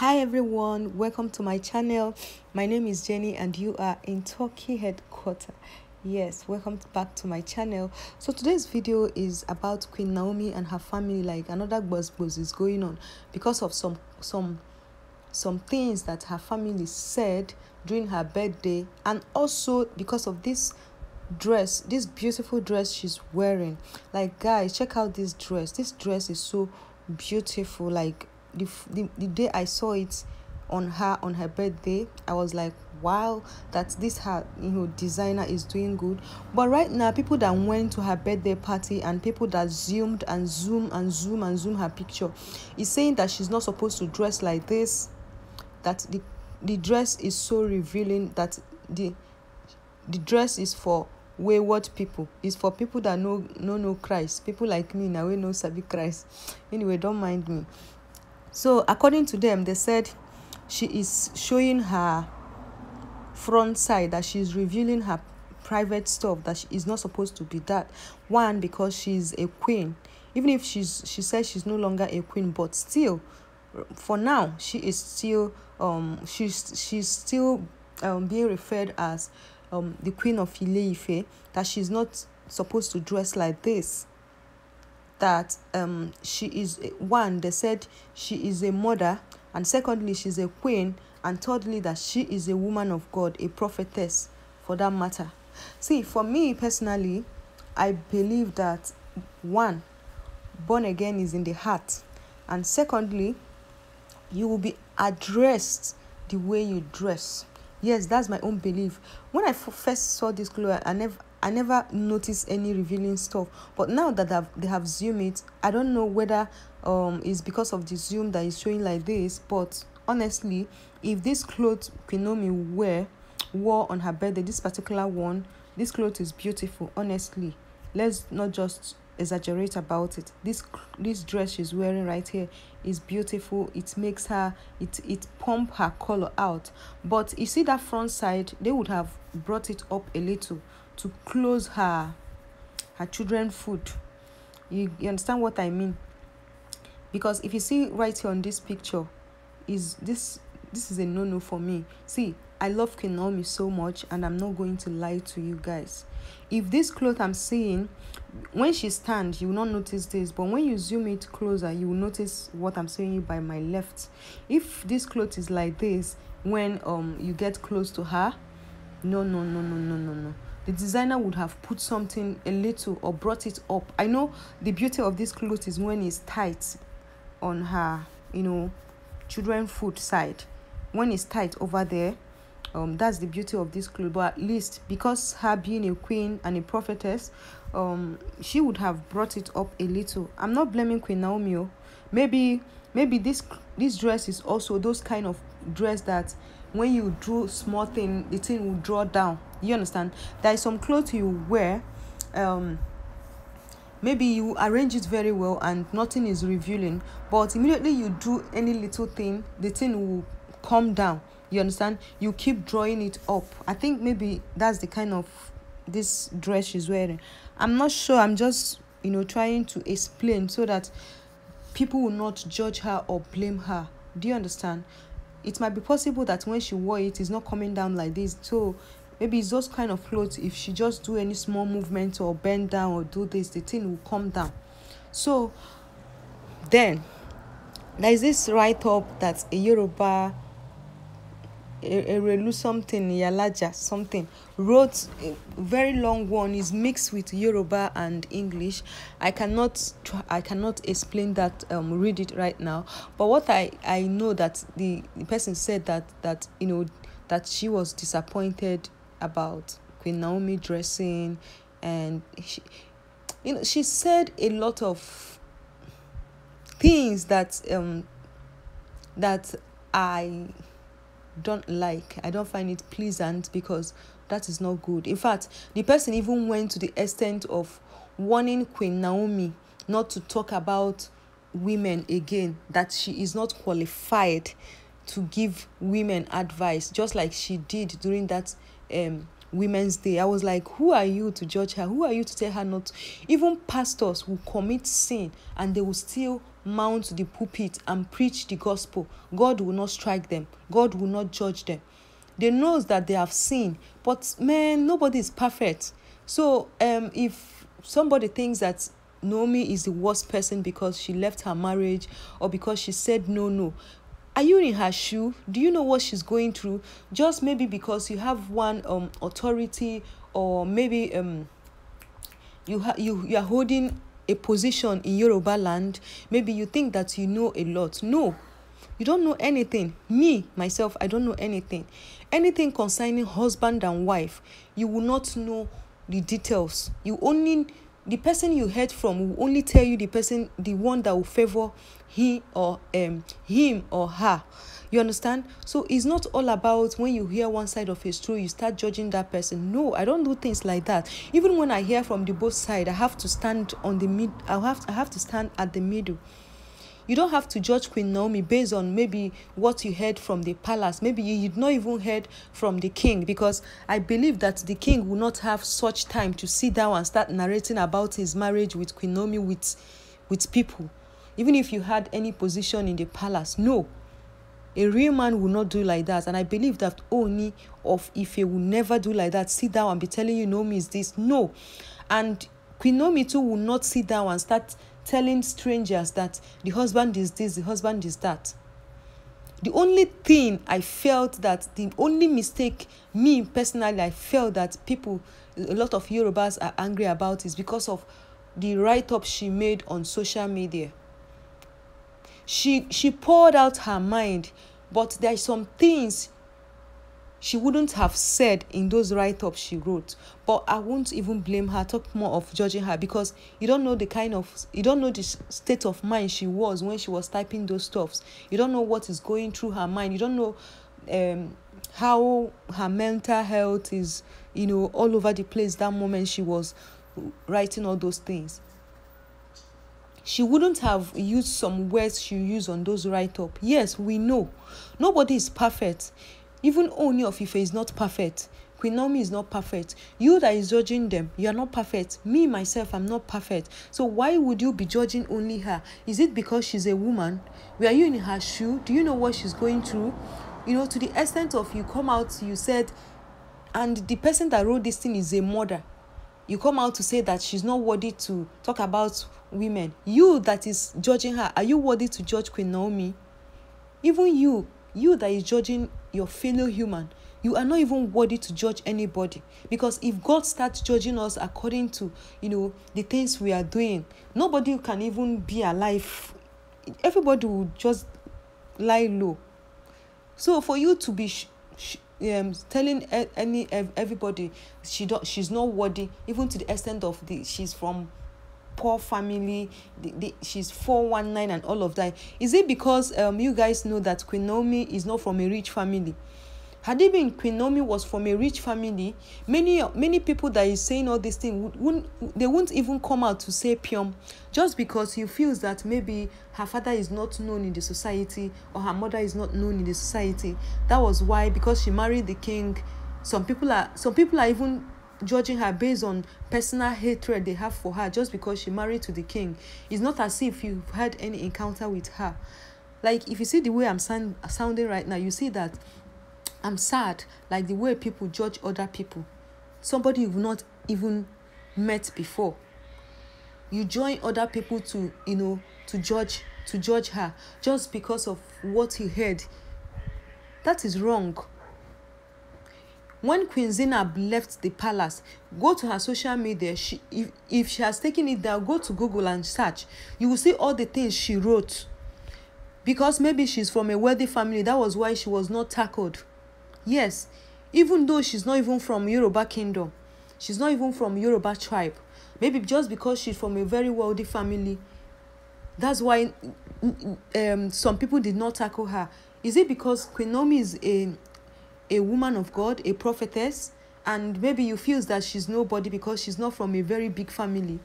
hi everyone welcome to my channel my name is jenny and you are in turkey headquarter yes welcome back to my channel so today's video is about queen naomi and her family like another buzz buzz is going on because of some some some things that her family said during her birthday and also because of this dress this beautiful dress she's wearing like guys check out this dress this dress is so beautiful like the, the, the day I saw it on her on her birthday, I was like, wow, that this her you know designer is doing good. But right now, people that went to her birthday party and people that zoomed and zoom and zoom and zoom her picture is saying that she's not supposed to dress like this, that the the dress is so revealing that the the dress is for wayward people is for people that know no know christ people like me now we know sabi christ anyway don't mind me so, according to them, they said she is showing her front side that she's revealing her private stuff that she is not supposed to be that. One, because she's a queen. Even if she's she says she's no longer a queen, but still, for now, she is still um she's she's still um being referred as um the queen of Ile Ife, that she's not supposed to dress like this that um, she is one, they said she is a mother, and secondly, she's a queen, and thirdly, that she is a woman of God, a prophetess for that matter. See, for me personally, I believe that one, born again is in the heart, and secondly, you will be addressed the way you dress. Yes, that's my own belief. When I first saw this girl, I never I never noticed any revealing stuff. But now that I've, they have zoomed it, I don't know whether um it's because of the zoom that is showing like this. But honestly, if this clothes Quinomi wear wore on her birthday, this particular one, this cloth is beautiful. Honestly, let's not just exaggerate about it this this dress she's wearing right here is beautiful it makes her it it pump her color out but you see that front side they would have brought it up a little to close her her children food you, you understand what i mean because if you see right here on this picture is this this is a no-no for me see i love kinomi so much and i'm not going to lie to you guys if this cloth i'm seeing when she stands you will not notice this but when you zoom it closer you will notice what i'm saying by my left if this cloth is like this when um you get close to her no no no no no no no the designer would have put something a little or brought it up i know the beauty of this cloth is when it's tight on her you know children foot side when it's tight over there um that's the beauty of this cloth but at least because her being a queen and a prophetess um she would have brought it up a little i'm not blaming queen naomi oh. maybe maybe this this dress is also those kind of dress that when you draw small thing the thing will draw down you understand there is some clothes you wear um maybe you arrange it very well and nothing is revealing but immediately you do any little thing the thing will come down you understand you keep drawing it up i think maybe that's the kind of this dress she's wearing i'm not sure i'm just you know trying to explain so that people will not judge her or blame her do you understand it might be possible that when she wore it it's not coming down like this so maybe it's those kind of clothes if she just do any small movement or bend down or do this the thing will come down so then there is this write-up that a yoruba Erelu something, Yalaja something, wrote a very long one is mixed with Yoruba and English. I cannot I cannot explain that um read it right now. But what I I know that the, the person said that that you know that she was disappointed about Queen Naomi dressing and she you know she said a lot of things that um that I don't like, I don't find it pleasant because that is not good. In fact, the person even went to the extent of warning Queen Naomi not to talk about women again, that she is not qualified to give women advice, just like she did during that um women's day i was like who are you to judge her who are you to tell her not even pastors who commit sin and they will still mount the pulpit and preach the gospel, God will not strike them, God will not judge them. They knows that they have sinned, but man, nobody is perfect. So um, if somebody thinks that Naomi is the worst person because she left her marriage or because she said no, no, are you in her shoe? Do you know what she's going through? Just maybe because you have one um authority or maybe um you ha- you you are holding a position in Yoruba land, maybe you think that you know a lot. No, you don't know anything. Me, myself, I don't know anything. Anything concerning husband and wife, you will not know the details. You only the person you heard from will only tell you the person the one that will favor he or um him or her you understand so it's not all about when you hear one side of a story you start judging that person no i don't do things like that even when i hear from the both side i have to stand on the mid i have i have to stand at the middle you don't have to judge Queen Naomi based on maybe what you heard from the palace. Maybe you, would not even heard from the king because I believe that the king will not have such time to sit down and start narrating about his marriage with Queen Naomi with, with people. Even if you had any position in the palace, no. A real man will not do like that. And I believe that only of he will never do like that. Sit down and be telling you Naomi is this. No. And Queen Naomi too will not sit down and start telling strangers that the husband is this, the husband is that. The only thing I felt that the only mistake, me personally, I felt that people, a lot of Yorubas are angry about is because of the write up she made on social media. She, she poured out her mind, but there are some things she wouldn't have said in those write-ups she wrote but i won't even blame her talk more of judging her because you don't know the kind of you don't know the state of mind she was when she was typing those stuffs you don't know what is going through her mind you don't know um how her mental health is you know all over the place that moment she was writing all those things she wouldn't have used some words she used on those write-up yes we know nobody is perfect even Oni of Ife is not perfect. Queen Naomi is not perfect. You that is judging them, you are not perfect. Me, myself, I'm not perfect. So why would you be judging only her? Is it because she's a woman? Were you in her shoe? Do you know what she's going through? You know, to the extent of you come out, you said, and the person that wrote this thing is a mother. You come out to say that she's not worthy to talk about women. You that is judging her, are you worthy to judge Queen Naomi? Even you, you that is judging your fellow human you are not even worthy to judge anybody because if god starts judging us according to you know the things we are doing nobody can even be alive everybody will just lie low so for you to be sh- sh- um, telling any everybody she don't she's not worthy even to the extent of the she's from poor family the, the, she's 419 and all of that is it because um, you guys know that queen naomi is not from a rich family had it been queen naomi was from a rich family many many people that is saying all these things wouldn't they would not even come out to say pyom just because he feels that maybe her father is not known in the society or her mother is not known in the society that was why because she married the king some people are some people are even judging her based on personal hatred they have for her just because she married to the king. It's not as if you've had any encounter with her. Like, if you see the way I'm sound, sounding right now, you see that I'm sad, like the way people judge other people. Somebody you've not even met before. You join other people to, you know, to judge to judge her just because of what he heard. That is wrong. when queen zainab left the palace go to her social media she if, if she has taken it down go to google and search you will see all the things she wrote because maybe she's from a wealthy family that was why she was not tackled yes even though she's not even from yoruba kingdom she's not even from yoruba tribe maybe just because she's from a very wealthy family that's why mm, mm, um, some people did not tackle her is it because queen naomi is a a woman of God, a prophetess, and maybe you feel that she's nobody because she's not from a very big family.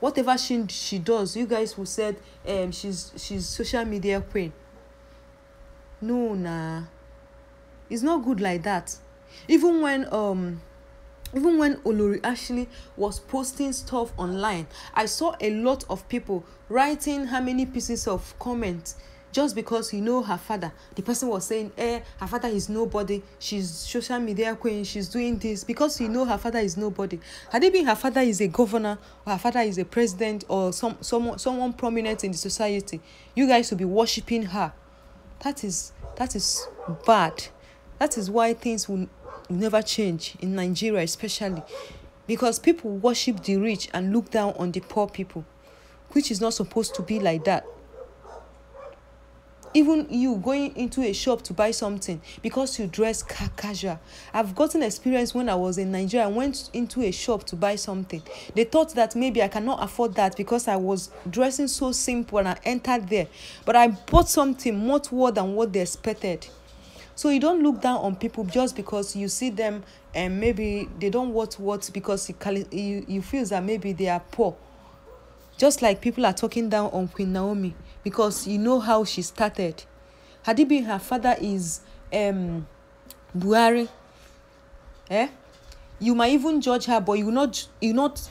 Whatever she she does, you guys who said um she's she's social media queen. No nah. It's not good like that. Even when um even when Olori actually was posting stuff online, I saw a lot of people writing how many pieces of comments just because you know her father the person was saying eh her father is nobody she's social media queen she's doing this because you know her father is nobody had it been her father is a governor or her father is a president or some someone someone prominent in the society you guys will be worshiping her that is that is bad that is why things will never change in nigeria especially because people worship the rich and look down on the poor people which is not supposed to be like that even you going into a shop to buy something because you dress ca- casual i've gotten experience when i was in nigeria i went into a shop to buy something they thought that maybe i cannot afford that because i was dressing so simple when i entered there but i bought something more toward than what they expected so you don't look down on people just because you see them and maybe they don't want what because you, you feel that maybe they are poor Just like people are talking down on Queen Naomi because you know how she started. Had it been her father is um, Buhari, eh? You might even judge her, but you not you not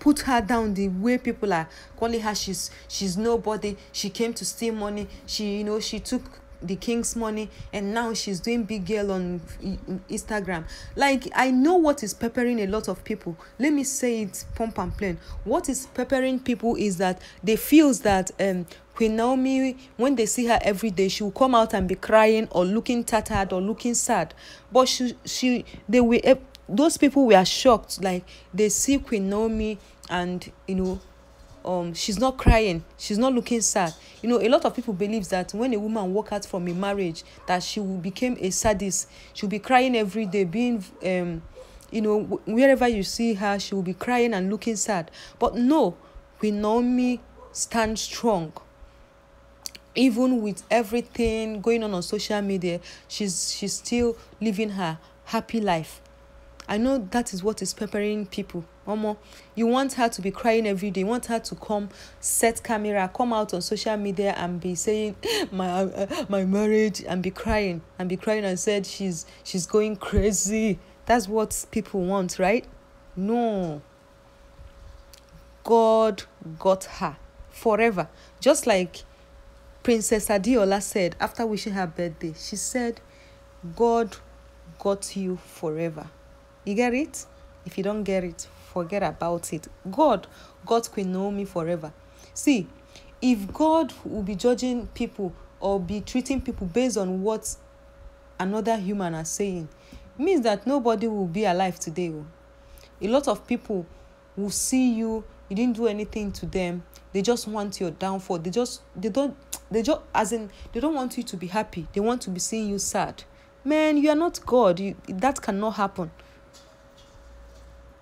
put her down the way people are calling her she's she's nobody she came to steal money she you know she took the king's money and now she's doing big girl on instagram like i know what is preparing a lot of people let me say it pump and plain what is preparing people is that they feels that um Queen Naomi, when they see her every day, she will come out and be crying or looking tattered or looking sad. But she, she, they were, eh, those people were shocked. Like they see Queen Naomi and you know um she's not crying she's not looking sad you know a lot of people believe that when a woman walk out from a marriage that she will become a sadist she'll be crying every day being um you know wherever you see her she will be crying and looking sad but no we know me stand strong even with everything going on on social media she's she's still living her happy life i know that is what is preparing people Omo, you want her to be crying every day. You want her to come set camera, come out on social media and be saying my uh, my marriage and be crying and be crying and said she's she's going crazy. That's what people want, right? No. God got her forever. Just like Princess Adiola said after wishing her birthday, she said, God got you forever. You get it? If you don't get it, forget about it. God God will know me forever. See, if God will be judging people or be treating people based on what another human are saying, means that nobody will be alive today. Oh. A lot of people will see you, you didn't do anything to them. They just want your downfall. They just they don't they just as in they don't want you to be happy. They want to be seeing you sad. Man, you are not God. You, that cannot happen.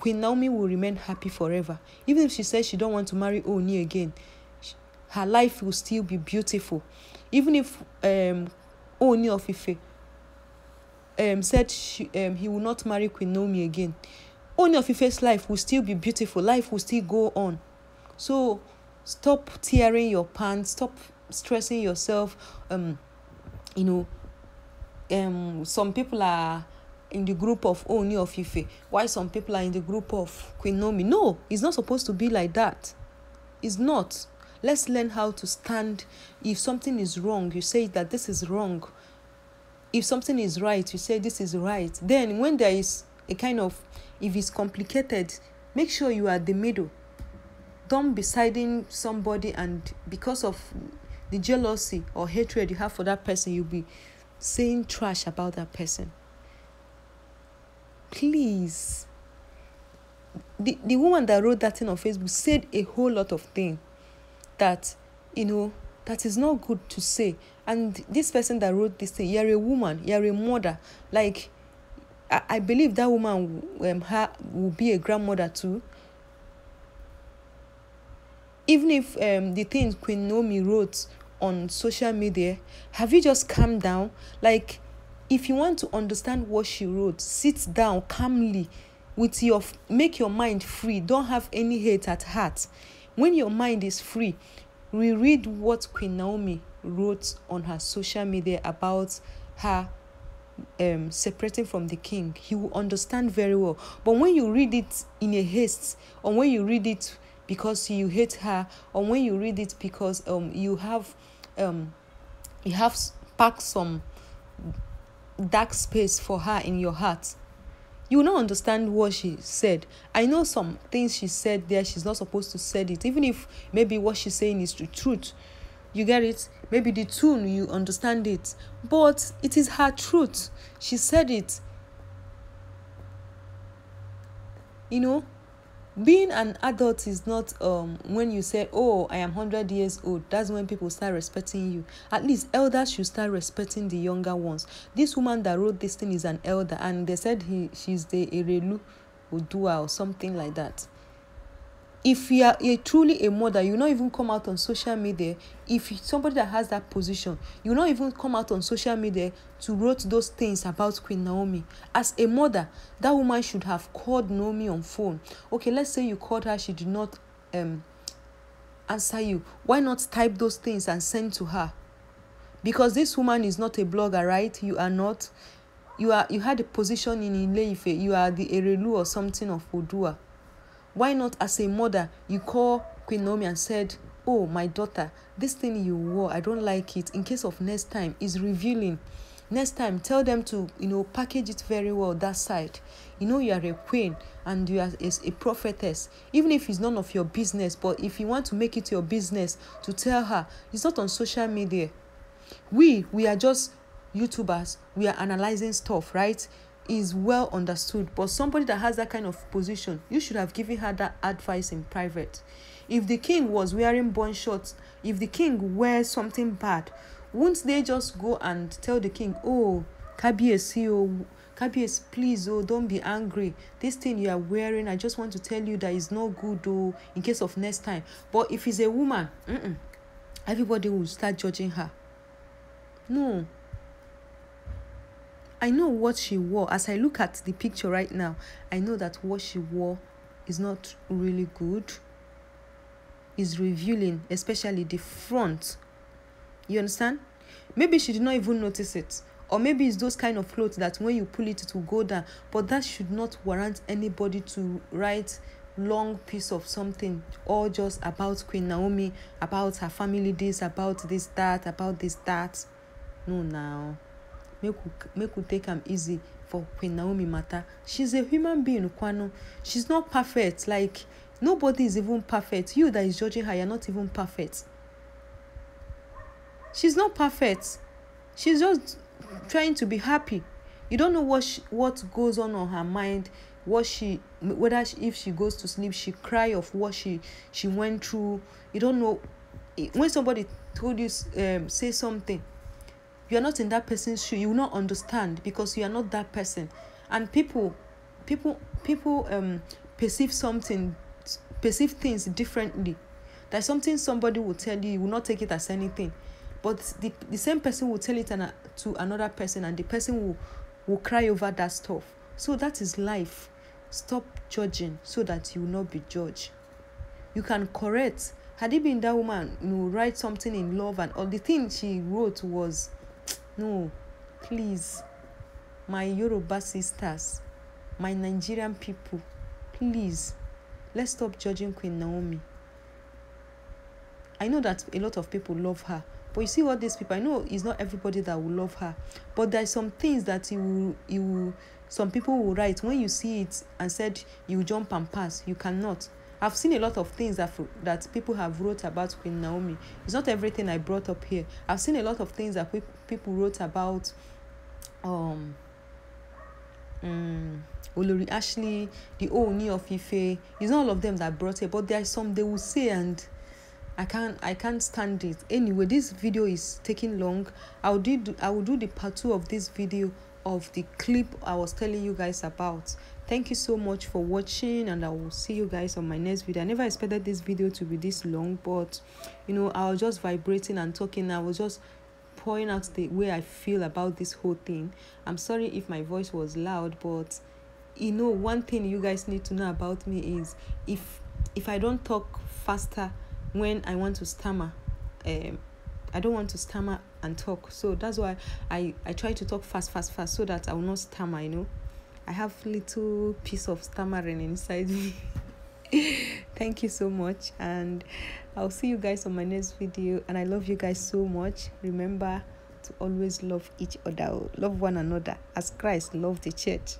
Queen Naomi will remain happy forever. Even if she says she don't want to marry Oni again, she, her life will still be beautiful. Even if um, Oni of Ife um, said she, um, he will not marry Queen Naomi again, Oni of Ife's life will still be beautiful. Life will still go on. So stop tearing your pants. Stop stressing yourself. Um, you know, um, some people are in the group of Oni of Ife, why some people are in the group of know me? No, it's not supposed to be like that. It's not. Let's learn how to stand. If something is wrong, you say that this is wrong. If something is right, you say this is right. Then, when there is a kind of, if it's complicated, make sure you are the middle. Don't be siding somebody, and because of the jealousy or hatred you have for that person, you'll be saying trash about that person please the, the woman that wrote that thing on facebook said a whole lot of things that you know that is not good to say and this person that wrote this thing you're a woman you're a mother like i, I believe that woman um, her will be a grandmother too even if um, the things queen Nomi wrote on social media have you just calmed down like if you want to understand what she wrote sit down calmly with your make your mind free don't have any hate at heart when your mind is free reread what queen naomi wrote on her social media about her um, separating from the king He will understand very well but when you read it in a haste or when you read it because you hate her or when you read it because um you have um you have packed some dark space for her in your heart. You will not understand what she said. I know some things she said there, she's not supposed to said it, even if maybe what she's saying is the truth. You get it? Maybe the tune, you understand it. But it is her truth. She said it. You know? being an adult is not um when you say oh i am 100 years old that's when people start respecting you at least elders should start respecting the younger ones this woman that wrote this thing is an elder and they said he she's the erelu odua or something like that if you are a, truly a mother you not even come out on social media if somebody that has that position you not even come out on social media to wrote those things about queen naomi as a mother that woman should have called naomi on phone okay let's say you called her she did not um, answer you why not type those things and send to her because this woman is not a blogger right you are not you are you had a position in ileife you are the erelu or something of odua Why not, as a mother, you call Queen Naomi and said, Oh, my daughter, this thing you wore, I don't like it. In case of next time, is revealing. Next time, tell them to, you know, package it very well that side. You know, you are a queen and you are a, a prophetess. Even if it's none of your business, but if you want to make it your business to tell her, it's not on social media. We, we are just YouTubers. We are analyzing stuff, right? is well understood but somebody that has that kind of position you should have given her that advice in private if the king was wearing bun shorts if the king wears something bad won't they just go and tell the king oh KBS, oh please oh don't be angry this thing you are wearing i just want to tell you that is not good oh in case of next time but if it's a woman mm -mm, everybody will start judging her no I know what she wore. As I look at the picture right now, I know that what she wore is not really good. Is revealing, especially the front. You understand? Maybe she did not even notice it. Or maybe it's those kind of clothes that when you pull it, it will go down. But that should not warrant anybody to write long piece of something all just about Queen Naomi, about her family, this, about this, that, about this, that. No, now. make we make we take am easy for queen naomi matter she's a human being kwano she's not perfect like nobody is even perfect you that is judging her you're not even perfect she's not perfect she's just trying to be happy you don't know what she, what goes on on her mind what she whether she, if she goes to sleep she cry of what she she went through you don't know when somebody told you um, say something you are not in that person's shoe you will not understand because you are not that person and people people people um perceive something perceive things differently there's something somebody will tell you you will not take it as anything but the, the same person will tell it an, to another person and the person will will cry over that stuff so that is life stop judging so that you will not be judged you can correct had it been that woman who write something in love and all the thing she wrote was No, please, my Yoruba sisters, my Nigerian people, please, let's stop judging Queen Naomi. I know that a lot of people love her, but you see all these people, I know it's not everybody that will love her, but there's some things that you will, you will, some people will write when you see it and said you jump and pass, you cannot. I've seen a lot of things that, that people have wrote about Queen Naomi. It's not everything I brought up here. I've seen a lot of things that people wrote about um, um, Olori Ashley, the owner of Ife. It's not all of them that brought it, but there are some they will say and I can't I can't stand it. Anyway, this video is taking long. I'll do I will do the part two of this video of the clip I was telling you guys about. Thank you so much for watching and I will see you guys on my next video. I never expected this video to be this long but you know I was just vibrating and talking. I was just pouring out the way I feel about this whole thing. I'm sorry if my voice was loud but you know one thing you guys need to know about me is if if I don't talk faster when I want to stammer um, I don't want to stammer and talk so that's why i i try to talk fast fast fast so that i will not stammer you know i have little piece of stammering inside me thank you so much and i'll see you guys on my next video and i love you guys so much remember to always love each other oh, love one another as christ loved the church